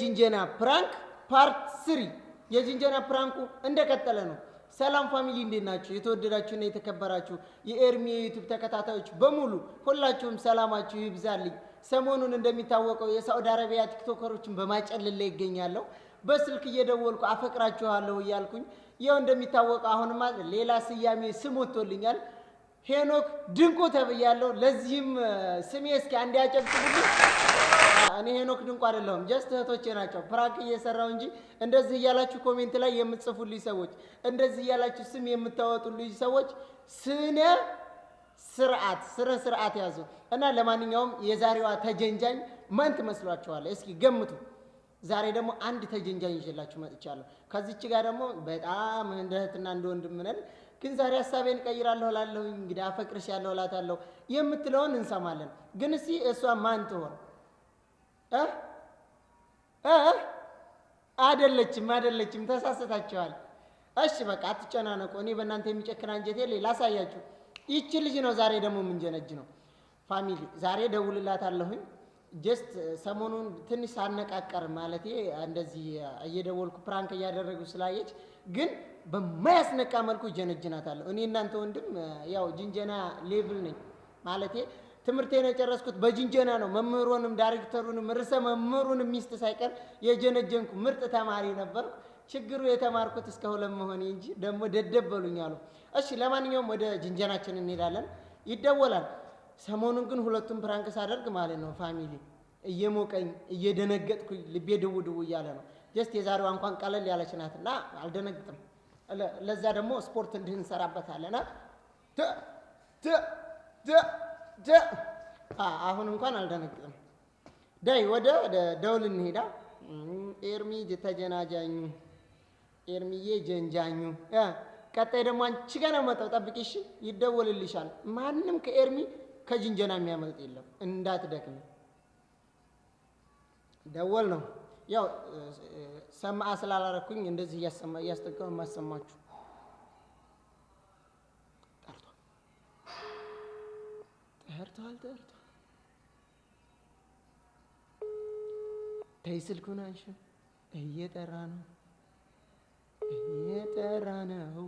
የጅንጀና ፕራንክ ፓርት ስሪ። የጅንጀና ፕራንኩ እንደቀጠለ ነው። ሰላም ፋሚሊ እንዴት ናችሁ? የተወደዳችሁና የተከበራችሁ የኤርሚ ዩቱብ ተከታታዮች በሙሉ ሁላችሁም ሰላማችሁ ይብዛልኝ። ሰሞኑን እንደሚታወቀው የሳዑዲ አረቢያ ቲክቶከሮችን በማጨለል ላይ ይገኛለሁ። በስልክ እየደወልኩ አፈቅራችኋለሁ እያልኩኝ ያው እንደሚታወቀው አሁንማ ሌላ ስያሜ ስም ወጥቶልኛል። ሄኖክ ድንቁ ተብያለሁ። ለዚህም ስሜ እስኪ አንድ ያጨብጭቡልኝ። እኔ ሄኖክ ድንቁ አይደለሁም። ጀስት እህቶቼ ናቸው ፕራንክ እየሰራው እንጂ እንደዚህ እያላችሁ ኮሜንት ላይ የምትጽፉልኝ ሰዎች፣ እንደዚህ እያላችሁ ስም የምታወጡልኝ ሰዎች ስነ ስርዓት ስነ ስርዓት ያዙ እና ለማንኛውም የዛሬዋ ተጀንጃኝ ማን ትመስሏችኋል? እስኪ ገምቱ። ዛሬ ደግሞ አንድ ተጀንጃኝ ይዤላችሁ መጥቻለሁ። ከዚች ጋር ደግሞ በጣም እንደ እህትና እንደ ወንድም ነን፣ ግን ዛሬ ሀሳቤን ቀይራለሁ ላለሁ እንግዲህ አፈቅርሻለሁ እላታለሁ የምትለውን እንሰማለን። ግን እስኪ እሷ ማን ትሆን? አደለችም፣ አደለችም፣ ተሳስታችኋል። እሺ በቃ አትጨናነቁ። እኔ በእናንተ የሚጨክን አንጀቴ ላይ ላሳያችሁ። ይቺ ልጅ ነው ዛሬ ደግሞ የምንጀነጅ ነው። ፋሚሊ ዛሬ ደውልላት አለሁኝ። ጀስት ሰሞኑን ትንሽ ሳነቃቀር ማለት እንደዚህ እየደወልኩ ፕራንክ እያደረጉ ስላየች ግን በማያስነቃ መልኩ ጀነጅናታለሁ። እኔ እናንተ ወንድም ያው ጅንጀና ሌቭል ነኝ ማለቴ ትምህርቴን የጨረስኩት በጅንጀና ነው። መምህሩንም ዳይሬክተሩንም ርዕሰ መምህሩን ሚስት ሳይቀር የጀነጀንኩ ምርጥ ተማሪ ነበርኩ። ችግሩ የተማርኩት እስከ ሁለት መሆኔ እንጂ ደግሞ ደደበሉኝ አሉ። እሺ ለማንኛውም ወደ ጅንጀናችን እንሄዳለን። ይደወላል። ሰሞኑን ግን ሁለቱም ፕራንክ ሳደርግ ማለት ነው ፋሚሊ እየሞቀኝ እየደነገጥኩ ልቤ ድው ድው እያለ ነው። ጀስት የዛሬዋ እንኳን ቀለል ያለች ናት እና አልደነግጥም። ለዛ ደግሞ ስፖርት እንድንሰራበት አለና አሁን እንኳን አልደነግጥም። ዳይ ወደ ደውል እንሄዳ። ኤርሚ ተጀናጃኙ፣ ኤርሚዬ ጀንጃኙ። ቀጣይ ደግሞ አንቺ ገና መጣው ጠብቂሽ፣ ይደወልልሻል። ማንም ከኤርሚ ከጅንጀና የሚያመልጥ የለም። እንዳትደክም ደወል ነው። ያው ሰማአ ስላላረኩኝ እንደዚህ እያሰማ እያስጠቀመ ማሰማችሁ ተርቷል፣ ተርቷል። ተይ ስልኩን አንሺ። እየጠራ ነው፣ እየጠራ ነው።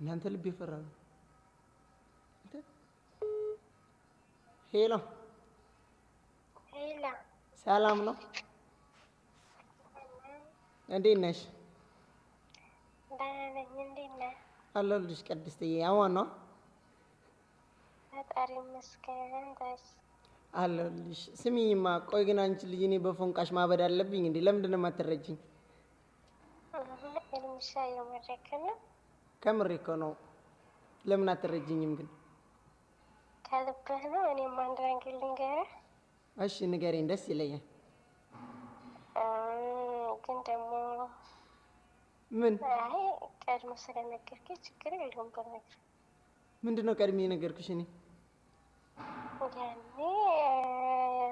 እናንተ ልብ ይፈራሉ። ሄሎ ሄሎ፣ ሰላም ነው? እንዴት ነሽ? አለሁልሽ ቅድስትዬ። አሁን ነው ፈጣሪ ይመስገን አለሁልሽ። ስሚኝማ፣ ቆይ ግን አንቺ ልጅ እኔ በፎንቃሽ ማበድ አለብኝ እንዴ? ለምንድን ነው የማትረጅኝ? ከምሬ እኮ ነው። ለምን አትረጅኝም ግን? ከልብህ ነው። እኔም አንድ ነገር ልንገርህ። እሺ ደስ ይለኛል። ግን ደግሞ ምን? አይ ቀድሞ ስለነገርከኝ ችግር የለውም። በነገር ምንድን ነው ቀድሜ የነገርኩሽ? እኔ ያኔ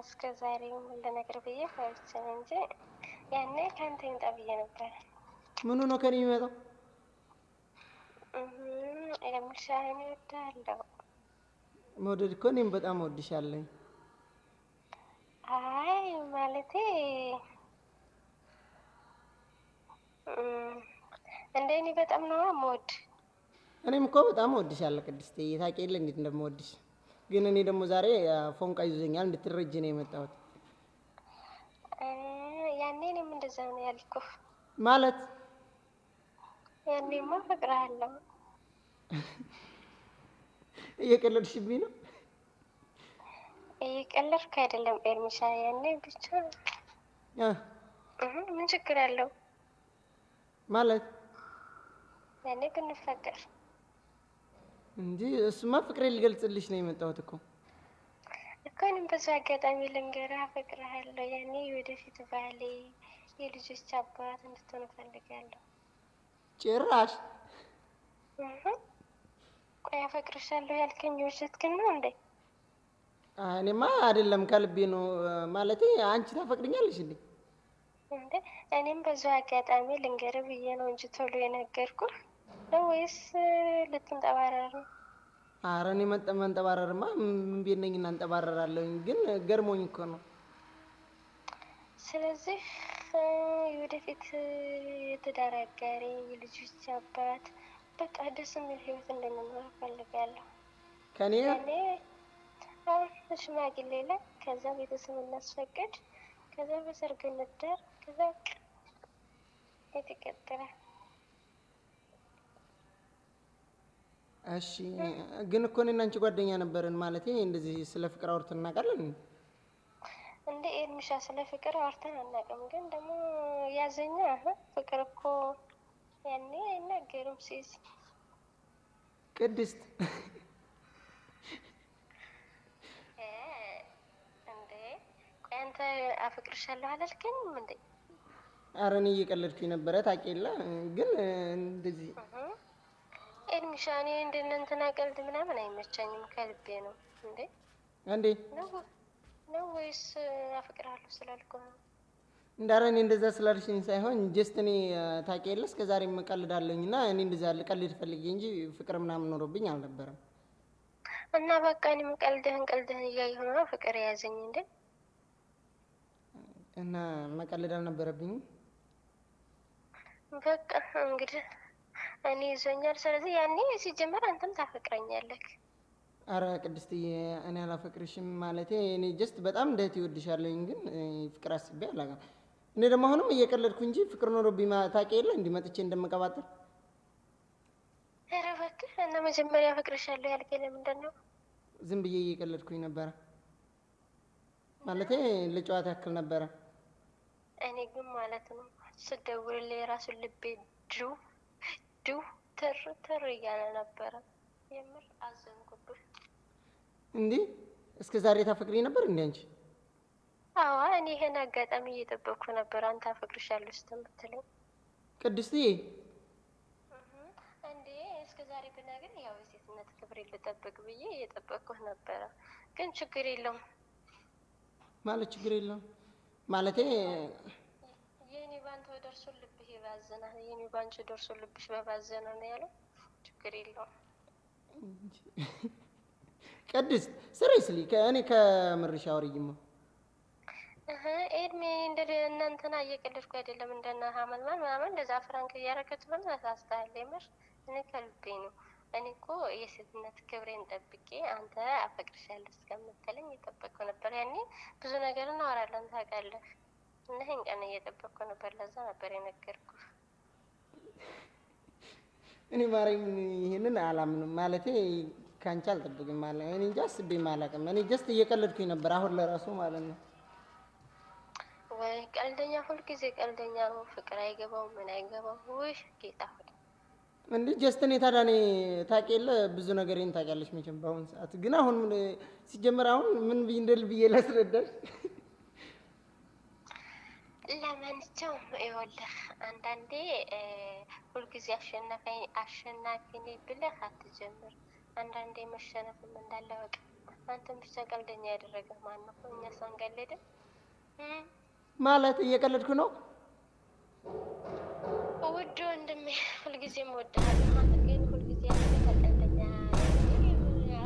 እስከ ዛሬ ሁሉ ብዬ ፈርችን እንጂ ያኔ ከአንተ ይምጣ ብዬ ነበር። ምኑ ነው ከኔ የሚመጣው? ለምሻህን ወዳለው መውደድ እኮ እኔም በጣም ወድሻለኝ። አይ ማለቴ እንደ እኔ በጣም ነው የምወድ። እኔም እኮ በጣም እወድሻለሁ ቅድስት፣ ታውቂ የለ እንዴት እንደምወድሽ። ግን እኔ ደግሞ ዛሬ ፎንቃ ይዞኛል እንድትረጅ ነው የመጣሁት። ያኔ እኔም እንደዛ ነው ያልኩ። ማለት። ያኔማ እፈቅርሃለሁ። እየቀለድሽብኝ ነው። እየቀለድክ አይደለም ኤርሚሻ። ያኔ ብቻ ምን ችግር አለው ማለት ለንግ እንፈቅር እንጂ እሱማ ፍቅሬን ሊገልጽልሽ ነው የመጣሁት እኮ እኮ እኔም በዛ አጋጣሚ ልንገርህ አፈቅርሃለሁ። ያኔ ወደፊት ባሌ የልጆች አባት እንድትሆን እፈልጋለሁ። ጭራሽ ቆይ አፈቅርሻለሁ ያልከኝ የውሸትክን ነው እንዴ? እኔማ አይደለም ከልቤ ነው። ማለቴ አንቺ ታፈቅድኛለሽ እንዴ? እንደ እኔም በዚሁ አጋጣሚ ልንገርህ ብዬ ነው እንጂ ቶሎ የነገርኩ ነው ወይስ ልትንጠባረር? አረ እኔ መንጠባረርማ ምን ቤት ነኝ እና እንጠባረራለሁኝ። ግን ገርሞኝ እኮ ነው። ስለዚህ የወደፊት የትዳር አጋሪ፣ የልጆች አባት በቃ ደስ የሚል ህይወት እንደምኖር እፈልጋለሁ። ከኔ ሽማግሌ ላይ ከዛ ቤተሰብ እናስፈቅድ፣ ከዛ በሰርግ እንደር በቃ የተቀጠለ እሺ። ግን እኮ እኔና አንቺ ጓደኛ ነበርን። ማለቴ እንደዚህ ስለ ፍቅር አውርተን እናውቃለን እንዴ? ኤድሚሻ ስለ ፍቅር አውርተን አናውቅም። ግን ደግሞ ያዘኛ ፍቅር እኮ ያኔ አይናገርም ሲዝ ቅድስት እንዴ፣ ቆይ አንተ አፍቅርሻለሁ አላልከኝም እንዴ? ኧረ እኔ እየቀለድኩኝ ነበረ ታውቂያለሽ። ግን እንደዚህ ኤድሚሻ እኔ እንደነ እንትና ቀልድ ምናምን አይመቸኝም። ከልቤ ነው እንዴ እንዴ ነው ወይስ አፍቅራለሁ ስላልኩ ነው? እንዳረ እኔ እንደዛ ስላልሽኝ ሳይሆን ጀስት እኔ ታውቂያለሽ እስከ ዛሬም እቀልዳለሁኝ እና እኔ እንደዛ ልቀልድ ፈልጌ እንጂ ፍቅር ምናምን ኖሮብኝ አልነበረም። እና በቃ እኔም ቀልድህን ቀልድህን እያየሁ ነው ፍቅር የያዘኝ እንዴ እና መቀለድ አልነበረብኝም። በቃ እንግዲህ እኔ ይዞኛል። ስለዚህ ያኔ ሲጀመር አንተም ታፈቅረኛለህ። አረ ቅድስትዬ፣ እኔ አላፈቅርሽም ማለት እኔ ጀስት በጣም እንደት ይወድሻለኝ፣ ግን ፍቅር አስቤ አላውቅም። እኔ ደግሞ አሁንም እየቀለድኩ እንጂ ፍቅር ኖሮብኝ ታውቂ የለ እንዲመጥቼ እንደምቀባጥር። ኧረ እባክህ እና መጀመሪያ አፈቅርሻለሁ ያልከኝ ለምንድን ነው? ዝም ብዬ እየቀለድኩኝ ነበረ፣ ማለቴ ለጨዋታ ያክል ነበረ። እኔ ግን ማለት ነው ስደውልልህ የራሱን ልቤ ድው ድው ትር ትር እያለ ነበረ። የምር አዘንኩብህ። እንዴ እስከ ዛሬ ታፈቅሪ ነበር እንዴ አንቺ? አዎ እኔ ይሄን አጋጣሚ እየጠበቅኩ ነበር፣ አንተ አፈቅርሻለሁ ስትምትለው። ቅድስትዬ እንዴ እስከ ዛሬ ብናገር ያው የሴትነት ክብሬ ልጠብቅ ብዬ እየጠበቅኩህ ነበረ፣ ግን ችግር የለውም ማለት ችግር የለውም ማለቴ ደርሶ ልብህ የባዘነ የኔ ባንቺ ደርሶ ልብሽ በባዘነ ነው ያለው። ችግር የለውም ቅድስት ስሪስሊ እኔ ከምርሻ አውሪኝማ ኤድሜ እንደ እናንተና እየቀለድኩ አይደለም። እንደነ ሀመልማል ምናምን እንደዛ ፍራንክ እያረገች ምን ታስታለ የምር እኔ ከልቤ ነው። እኔ እኮ የሴትነት ክብሬን ጠብቄ አንተ አፈቅርሻለሁ እስከምትለኝ የጠበቅኩ ነበር። ያኔ ብዙ ነገር እናወራለን ታውቃለህ። ይህን ቀን እየጠበቅኩ ነበር። ለዛ ነበር የነገርኩ። እኔ ማርያም ይህንን አላምንም ማለቴ ከአንቺ አልጠብቅም ማለት እኔ እንጃ አስቤም አላውቅም። እኔ ጀስት እየቀለድኩኝ ነበር፣ አሁን ለራሱ ማለት ነው። ወይ ቀልደኛ፣ ሁልጊዜ ቀልደኛ ነው። ፍቅር አይገባው ምን አይገባው። ውሽ ጌታ ሆይ እንዴ! ጀስት እኔ ታዲያ እኔ ታውቂ የለ ብዙ ነገር ነገሬን ታውቂያለሽ መቼም። በአሁን ሰዓት ግን አሁን ሲጀመር አሁን ምን ብዬ እንደልብዬ ላስረዳሽ ለመንቸው ይኸውልህ፣ አንዳንዴ ሁልጊዜ አሸናፊ ነኝ ብለህ አትጀምር። አንዳንዴ መሸነፍም እንዳለ ወቅ። አንተም ብቻ ቀልደኛ ያደረገ ማን ነው? እኛ ሳንቀልድ ማለት እየቀለድኩ ነው ውድ ወንድሜ። ሁልጊዜም እወድሃለሁ ማለት ግን ሁልጊዜ ቀልደኛ፣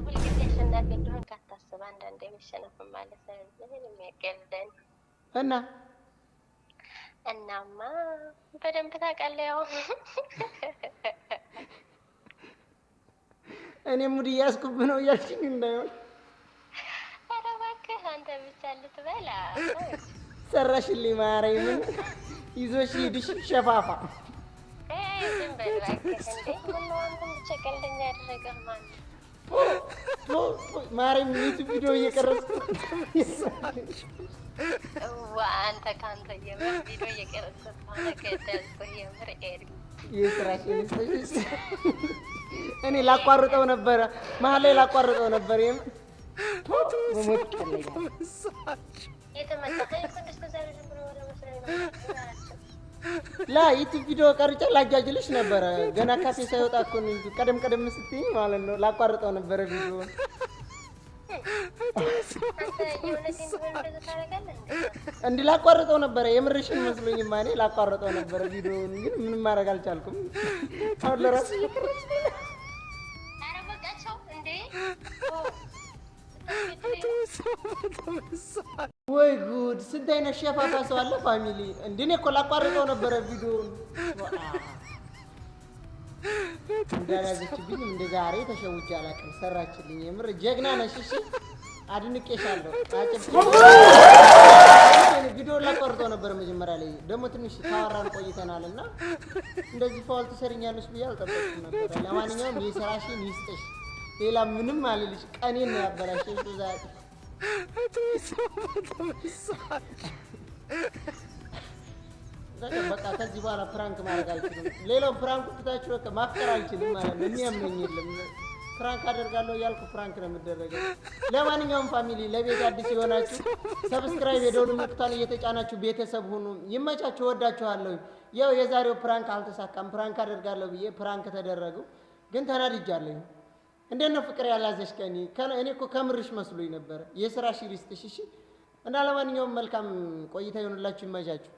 ሁልጊዜ አሸናፊ እንደሆንክ አታስብ። አንዳንዴ መሸነፍም ማለት ነው የሚያቀልደን እና እናማ በደንብ ታውቃለህ። ያው እኔ ሙድ እያስኩብህ ነው እያልሽኝ እንዳይሆን። ኧረ እባክህ አንተ ብቻ ልትበላ ሰራሽልኝ። ማርያምን ይዞሽ ሂድሽ ሸፋፋ ዝም በል እባክህ። እንዴ ምነው ብቻ ቀልደኛ ያደረገህ ማለት ማርያም ዩቲዩብ ቪዲዮ እየቀረጽ አንተ ከአንተ የምር ቪዲዮ እየቀረጽ የምር እኔ ላቋርጠው ነበረ፣ መሀል ላይ ላቋርጠው ነበር። የምር ላ ዩቲዩብ ቪዲዮ ቀርጬ ላጃጅልሽ ነበረ። ገና ካፌ ሳይወጣ እኮ ነው እንጂ ቀደም ቀደም ስትይኝ ማለት ነው ላቋርጠው ነበረ ቪዲዮ እንዲህ ላቋርጠው ነበረ። የምርሽን መስሎኝ ማኔ ላቋርጠው ነበረ ቪዲዮውን፣ ግን ምንም ማድረግ አልቻልኩም። አሁን ለራሱ ይቅርብኝ ወይ ጉድ! ስንት አይነት ሸፋፋ ሰው አለ ፋሚሊ። እንደ እኔ እኮ ላቋርጠው ነበረ ቪዲዮውን እንዳላዘችብኝ። እንደ ዛሬ ተሸውጄ አላውቅም። ሰራችልኝ። የምር ጀግና ነሽ። እሺ አድንቄሻለሁ። ቪዲዮውን ላቋርጠው ነበረ መጀመሪያ ላይ። ደግሞ ትንሽ ታወራን ቆይተናል እና እንደዚህ ፋውል ትሰርኛለሽ ብዬ አልጠበቅም ነበረ። ለማንኛውም የሰራሽን ይስጥሽ። ሌላ ምንም አልልሽ። ቀኔን ነው ያበላሽ ዛ በቃ ከዚህ በኋላ ፕራንክ ማድረግ አልችልም። ሌላው ፕራንክ ትታችሁ በቃ ማፍቀር አልችልም ማለት ነው። የሚያመኝ የለም። ፕራንክ አደርጋለሁ እያልኩ ፕራንክ ነው የምደረገው። ለማንኛውም ፋሚሊ፣ ለቤት አዲስ የሆናችሁ ሰብስክራይብ፣ የደወል ምልክቷን እየተጫናችሁ ቤተሰብ ሁኑ። ይመቻችሁ፣ ወዳችኋለሁ። ያው የዛሬው ፕራንክ አልተሳካም። ፕራንክ አደርጋለሁ ብዬ ፕራንክ ተደረገው፣ ግን ተናድጃለሁ። እንዴት ነው ፍቅር ያላዘሽ? ከኔ እኔ እኮ ከምርሽ መስሎኝ ነበረ። የስራ ሺ ሊስጥሽ። እና ለማንኛውም መልካም ቆይታ ይሆንላችሁ፣ ይመቻችሁ።